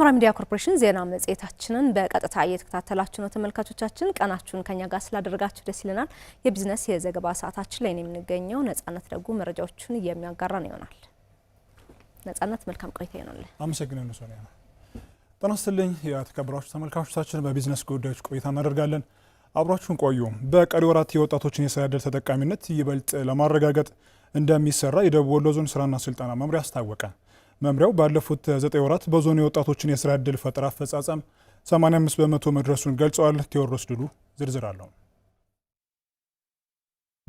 የአማራ ሚዲያ ኮርፖሬሽን ዜና መጽሔታችንን በቀጥታ እየተከታተላችሁ ነው ተመልካቾቻችን። ቀናችሁን ከኛ ጋር ስላደረጋችሁ ደስ ይለናል። የቢዝነስ የዘገባ ሰዓታችን ላይ ነው የምንገኘው። ነጻነት ደግሞ መረጃዎቹን የሚያጋራን ይሆናል። ነጻነት፣ መልካም ቆይታ ይሆናል። አመሰግናለሁ ሶኒያ። ጤና ይስጥልኝ የተከበራችሁ ተመልካቾቻችን፣ በቢዝነስ ጉዳዮች ቆይታ እናደርጋለን። አብራችሁን ቆዩ። በቀሪ ወራት የወጣቶችን የስራ ዕድል ተጠቃሚነት ይበልጥ ለማረጋገጥ እንደሚሰራ የደቡብ ወሎ ዞን ስራና ስልጠና መምሪያ አስታወቀ። መምሪያው ባለፉት ዘጠኝ ወራት በዞኑ የወጣቶችን የስራ ዕድል ፈጠራ አፈጻጸም 85 በመቶ መድረሱን ገልጸዋል። ቴዎድሮስ ድሉ ዝርዝር አለው።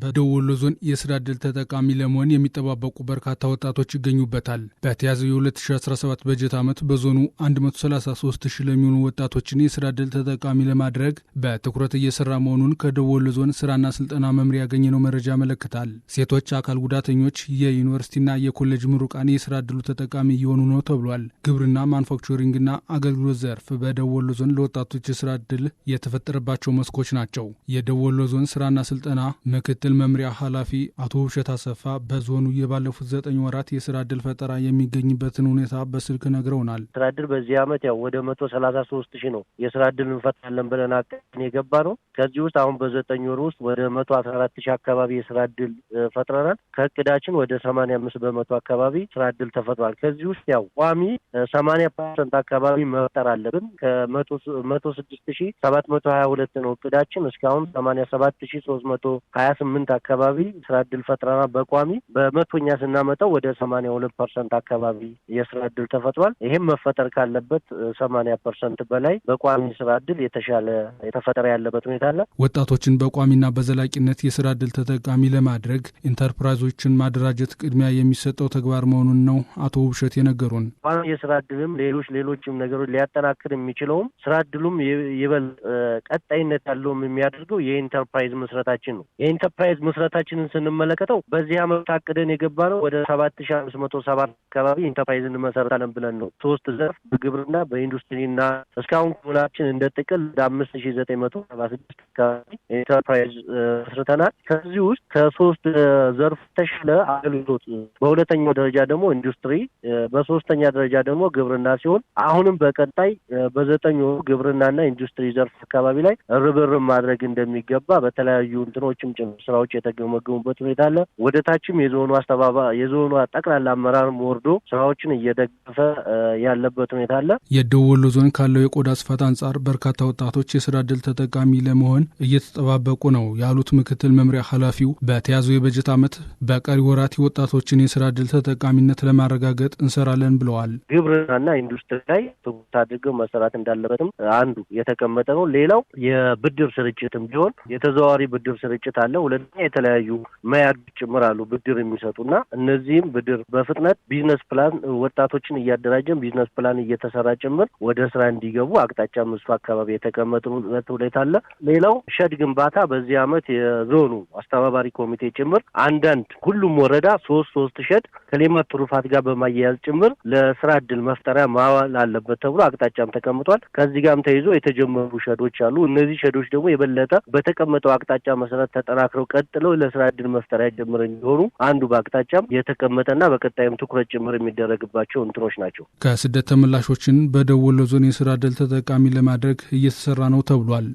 በደቡብ ወሎ ዞን የስራ ዕድል ተጠቃሚ ለመሆን የሚጠባበቁ በርካታ ወጣቶች ይገኙበታል። በተያዘው የ2017 በጀት ዓመት በዞኑ 133 ሺህ ለሚሆኑ ወጣቶችን የስራ ዕድል ተጠቃሚ ለማድረግ በትኩረት እየሰራ መሆኑን ከደቡብ ወሎ ዞን ስራና ስልጠና መምሪያ ያገኘነው መረጃ ያመለክታል። ሴቶች፣ አካል ጉዳተኞች፣ የዩኒቨርሲቲና የኮሌጅ ምሩቃን የስራ ዕድሉ ተጠቃሚ እየሆኑ ነው ተብሏል። ግብርና፣ ማኑፋክቸሪንግና አገልግሎት ዘርፍ በደቡብ ወሎ ዞን ለወጣቶች የስራ ዕድል የተፈጠረባቸው መስኮች ናቸው። የደቡብ ወሎ ዞን ስራና ስልጠና ምክትል ክልል መምሪያ ኃላፊ አቶ ውብሸት አሰፋ በዞኑ የባለፉት ዘጠኝ ወራት የስራ እድል ፈጠራ የሚገኝበትን ሁኔታ በስልክ ነግረውናል። ስራ እድል በዚህ አመት ያው ወደ መቶ ሰላሳ ሶስት ሺህ ነው የስራ እድል እንፈጥራለን ብለን አቀን የገባ ነው። ከዚህ ውስጥ አሁን በዘጠኝ ወር ውስጥ ወደ መቶ አስራ አራት ሺህ አካባቢ የስራ እድል ፈጥረናል። ከእቅዳችን ወደ ሰማንያ አምስት በመቶ አካባቢ ስራ እድል ተፈጥሯል። ከዚህ ውስጥ ያው ቋሚ ሰማንያ ፐርሰንት አካባቢ መፍጠር አለብን። ከመቶ ስድስት ሺህ ሰባት መቶ ሀያ ሁለት ነው እቅዳችን እስካሁን ሰማንያ ሰባት ሺህ ሶስት መቶ ሀያ ስምንት ስምንት አካባቢ ስራ እድል ፈጥረና በቋሚ በመቶኛ ስናመጣው ወደ ሰማንያ ሁለት ፐርሰንት አካባቢ የስራ እድል ተፈጥሯል። ይህም መፈጠር ካለበት ሰማንያ ፐርሰንት በላይ በቋሚ ስራ እድል የተሻለ የተፈጠረ ያለበት ሁኔታ አለ። ወጣቶችን በቋሚና በዘላቂነት የስራ እድል ተጠቃሚ ለማድረግ ኢንተርፕራይዞችን ማደራጀት ቅድሚያ የሚሰጠው ተግባር መሆኑን ነው አቶ ውብሸት የነገሩን። ቋሚ የስራ እድልም ሌሎች ሌሎችም ነገሮች ሊያጠናክር የሚችለውም ስራ እድሉም ይበልጥ ቀጣይነት ያለውም የሚያደርገው የኢንተርፕራይዝ መስረታችን ነው። የኢንተርፕራይዝ አስተያየት መስራታችንን ስንመለከተው በዚህ አመት ታቅደን የገባ ነው ወደ ሰባት ሺ አምስት መቶ ሰባት አካባቢ ኢንተርፕራይዝ እንመሰረታለን ብለን ነው። ሶስት ዘርፍ በግብርና በኢንዱስትሪና እስካሁን ኩላችን እንደ ጥቅል ወደ አምስት ሺ ዘጠኝ መቶ ሰባ ስድስት አካባቢ ኢንተርፕራይዝ መስርተናል። ከዚህ ውስጥ ከሶስት ዘርፍ የተሻለ አገልግሎት፣ በሁለተኛው ደረጃ ደግሞ ኢንዱስትሪ፣ በሶስተኛ ደረጃ ደግሞ ግብርና ሲሆን አሁንም በቀጣይ በዘጠኝ ግብርናና ኢንዱስትሪ ዘርፍ አካባቢ ላይ ርብርብ ማድረግ እንደሚገባ በተለያዩ እንትኖችም ጭምር ስራዎች የተገመገሙበት ሁኔታ አለ። ወደ ታችም የዞኑ አስተባባ የዞኑ ጠቅላላ አመራር ወርዶ ስራዎችን እየደገፈ ያለበት ሁኔታ አለ። የደቡብ ወሎ ዞን ካለው የቆዳ ስፋት አንጻር በርካታ ወጣቶች የስራ እድል ተጠቃሚ ለመሆን እየተጠባበቁ ነው ያሉት ምክትል መምሪያ ኃላፊው በተያዘው የበጀት ዓመት በቀሪ ወራት የወጣቶችን የስራ እድል ተጠቃሚነት ለማረጋገጥ እንሰራለን ብለዋል። ግብርናና ኢንዱስትሪ ላይ ትኩረት አድርገው መሰራት እንዳለበትም አንዱ የተቀመጠ ነው። ሌላው የብድር ስርጭትም ቢሆን የተዘዋዋሪ ብድር ስርጭት አለ። ከፍተኛ የተለያዩ መያድ ጭምር አሉ ብድር የሚሰጡና እነዚህም ብድር በፍጥነት ቢዝነስ ፕላን ወጣቶችን እያደራጀን ቢዝነስ ፕላን እየተሰራ ጭምር ወደ ስራ እንዲገቡ አቅጣጫም እሱ አካባቢ የተቀመጡበት ሁኔታ አለ። ሌላው ሸድ ግንባታ በዚህ አመት የዞኑ አስተባባሪ ኮሚቴ ጭምር አንዳንድ ሁሉም ወረዳ ሶስት ሶስት ሸድ ከሌማት ትሩፋት ጋር በማያያዝ ጭምር ለስራ እድል መፍጠሪያ ማዋል አለበት ተብሎ አቅጣጫም ተቀምጧል። ከዚህ ጋርም ተይዞ የተጀመሩ ሸዶች አሉ። እነዚህ ሸዶች ደግሞ የበለጠ በተቀመጠው አቅጣጫ መሰረት ተጠናክረው ቀጥለው ለስራ እድል መፍጠር ጭምር እንዲሆኑ አንዱ በአቅጣጫም የተቀመጠና በቀጣይም ትኩረት ጭምር የሚደረግባቸው እንትኖች ናቸው። ከስደት ተመላሾችን በደቡብ ወሎ ዞን የስራ እድል ተጠቃሚ ለማድረግ እየተሰራ ነው ተብሏል።